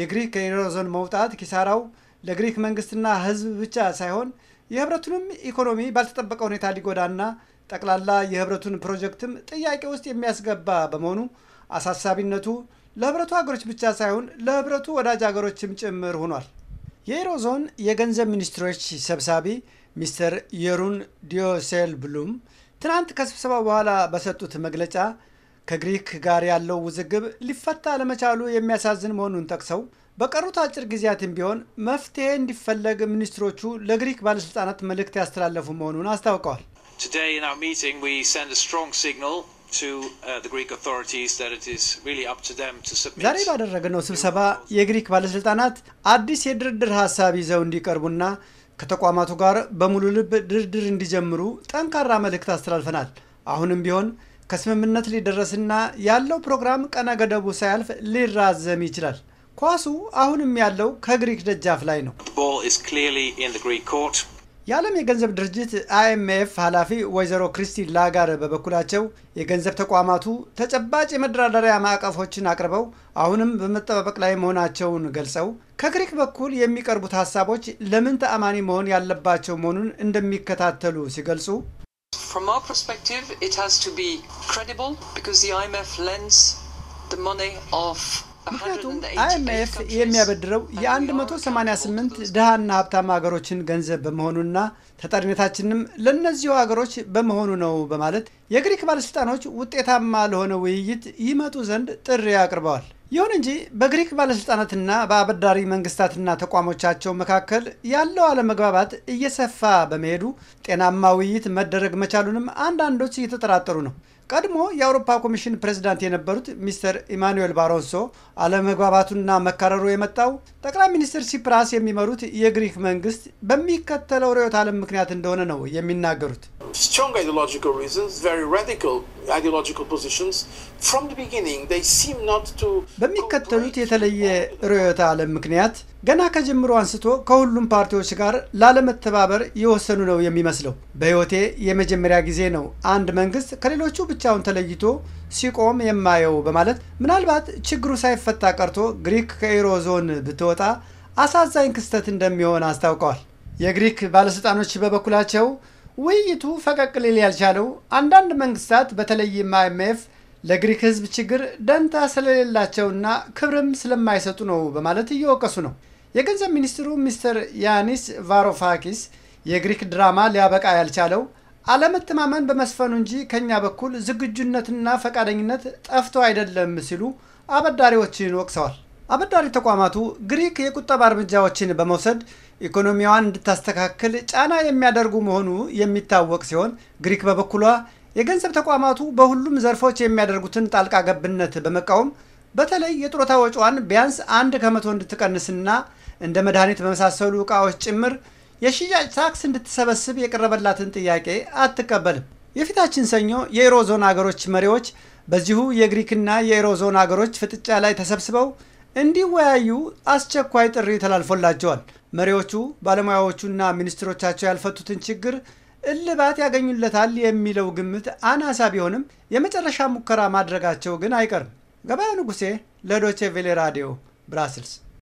የግሪክ ከዩሮ መውጣት ኪሳራው ለግሪክ መንግስትና ህዝብ ብቻ ሳይሆን የህብረቱንም ኢኮኖሚ ባልተጠበቀ ሁኔታ ሊጎዳና ጠቅላላ የህብረቱን ፕሮጀክትም ጥያቄ ውስጥ የሚያስገባ በመሆኑ አሳሳቢነቱ ለህብረቱ ሀገሮች ብቻ ሳይሆን ለህብረቱ ወዳጅ ሀገሮችም ጭምር ሆኗል። የዩሮዞን የገንዘብ ሚኒስትሮች ሰብሳቢ ሚስተር የሩን ዲዮሴል ብሉም ትናንት ከስብሰባ በኋላ በሰጡት መግለጫ ከግሪክ ጋር ያለው ውዝግብ ሊፈታ አለመቻሉ የሚያሳዝን መሆኑን ጠቅሰው በቀሩት አጭር ጊዜያትም ቢሆን መፍትሄ እንዲፈለግ ሚኒስትሮቹ ለግሪክ ባለስልጣናት መልእክት ያስተላለፉ መሆኑን አስታውቀዋል። uh, ዛሬ ባደረግነው ስብሰባ የግሪክ ባለስልጣናት አዲስ የድርድር ሀሳብ ይዘው እንዲቀርቡና ከተቋማቱ ጋር በሙሉ ልብ ድርድር እንዲጀምሩ ጠንካራ መልእክት አስተላልፈናል። አሁንም ቢሆን ከስምምነት ሊደረስና ያለው ፕሮግራም ቀነ ገደቡ ሳያልፍ ሊራዘም ይችላል። ኳሱ አሁንም ያለው ከግሪክ ደጃፍ ላይ ነው። የዓለም የገንዘብ ድርጅት አይኤምኤፍ ኃላፊ ወይዘሮ ክሪስቲን ላጋር በበኩላቸው የገንዘብ ተቋማቱ ተጨባጭ የመደራደሪያ ማዕቀፎችን አቅርበው አሁንም በመጠባበቅ ላይ መሆናቸውን ገልጸው ከግሪክ በኩል የሚቀርቡት ሀሳቦች ለምን ተአማኒ መሆን ያለባቸው መሆኑን እንደሚከታተሉ ሲገልጹ From our perspective, it has to be credible because the IMF lends the money of ምክንያቱም አይኤምኤፍ የሚያበድረው የ188 ድሃና ሀብታም ሀገሮችን ገንዘብ በመሆኑና ተጠሪነታችንም ለእነዚሁ ሀገሮች በመሆኑ ነው በማለት የግሪክ ባለሥልጣኖች ውጤታማ ለሆነ ውይይት ይመጡ ዘንድ ጥሪ አቅርበዋል። ይሁን እንጂ በግሪክ ባለሥልጣናትና በአበዳሪ መንግስታትና ተቋሞቻቸው መካከል ያለው አለመግባባት እየሰፋ በመሄዱ ጤናማ ውይይት መደረግ መቻሉንም አንዳንዶች እየተጠራጠሩ ነው። ቀድሞ የአውሮፓ ኮሚሽን ፕሬዝዳንት የነበሩት ሚስተር ኢማኑኤል ባሮንሶ አለመግባባቱና መካረሩ የመጣው ጠቅላይ ሚኒስትር ሲፕራስ የሚመሩት የግሪክ መንግስት በሚከተለው ርዕዮተ ዓለም ምክንያት እንደሆነ ነው የሚናገሩት። በሚከተሉት የተለየ ርዕዮተ ዓለም ምክንያት ገና ከጅምሮ አንስቶ ከሁሉም ፓርቲዎች ጋር ላለመተባበር የወሰኑ ነው የሚመስለው። በሕይወቴ የመጀመሪያ ጊዜ ነው አንድ መንግስት ከሌሎቹ ብቻውን ተለይቶ ሲቆም የማየው በማለት ምናልባት ችግሩ ሳይፈታ ቀርቶ ግሪክ ከኢሮ ዞን ብትወጣ አሳዛኝ ክስተት እንደሚሆን አስታውቀዋል። የግሪክ ባለሥልጣኖች በበኩላቸው ውይይቱ ፈቀቅ ሊል ያልቻለው አንዳንድ መንግስታት በተለይም አይኤምኤፍ ለግሪክ ህዝብ ችግር ደንታ ስለሌላቸውና ክብርም ስለማይሰጡ ነው በማለት እየወቀሱ ነው። የገንዘብ ሚኒስትሩ ሚስተር ያኒስ ቫሮፋኪስ የግሪክ ድራማ ሊያበቃ ያልቻለው አለመተማመን በመስፈኑ እንጂ ከኛ በኩል ዝግጁነትና ፈቃደኝነት ጠፍቶ አይደለም ሲሉ አበዳሪዎችን ወቅሰዋል። አበዳሪ ተቋማቱ ግሪክ የቁጠባ እርምጃዎችን በመውሰድ ኢኮኖሚዋን እንድታስተካክል ጫና የሚያደርጉ መሆኑ የሚታወቅ ሲሆን ግሪክ በበኩሏ የገንዘብ ተቋማቱ በሁሉም ዘርፎች የሚያደርጉትን ጣልቃ ገብነት በመቃወም በተለይ የጡረታ ወጪዋን ቢያንስ አንድ ከመቶ እንድትቀንስና እንደ መድኃኒት በመሳሰሉ እቃዎች ጭምር የሽያጭ ታክስ እንድትሰበስብ የቀረበላትን ጥያቄ አትቀበልም። የፊታችን ሰኞ የኤሮዞን አገሮች መሪዎች በዚሁ የግሪክና የኤሮዞን አገሮች ፍጥጫ ላይ ተሰብስበው እንዲወያዩ አስቸኳይ ጥሪ ተላልፎላቸዋል። መሪዎቹ ባለሙያዎቹና ሚኒስትሮቻቸው ያልፈቱትን ችግር እልባት ያገኙለታል የሚለው ግምት አናሳ ቢሆንም የመጨረሻ ሙከራ ማድረጋቸው ግን አይቀርም። ገበያው ንጉሴ ለዶቼ ቬሌ ራዲዮ ብራስልስ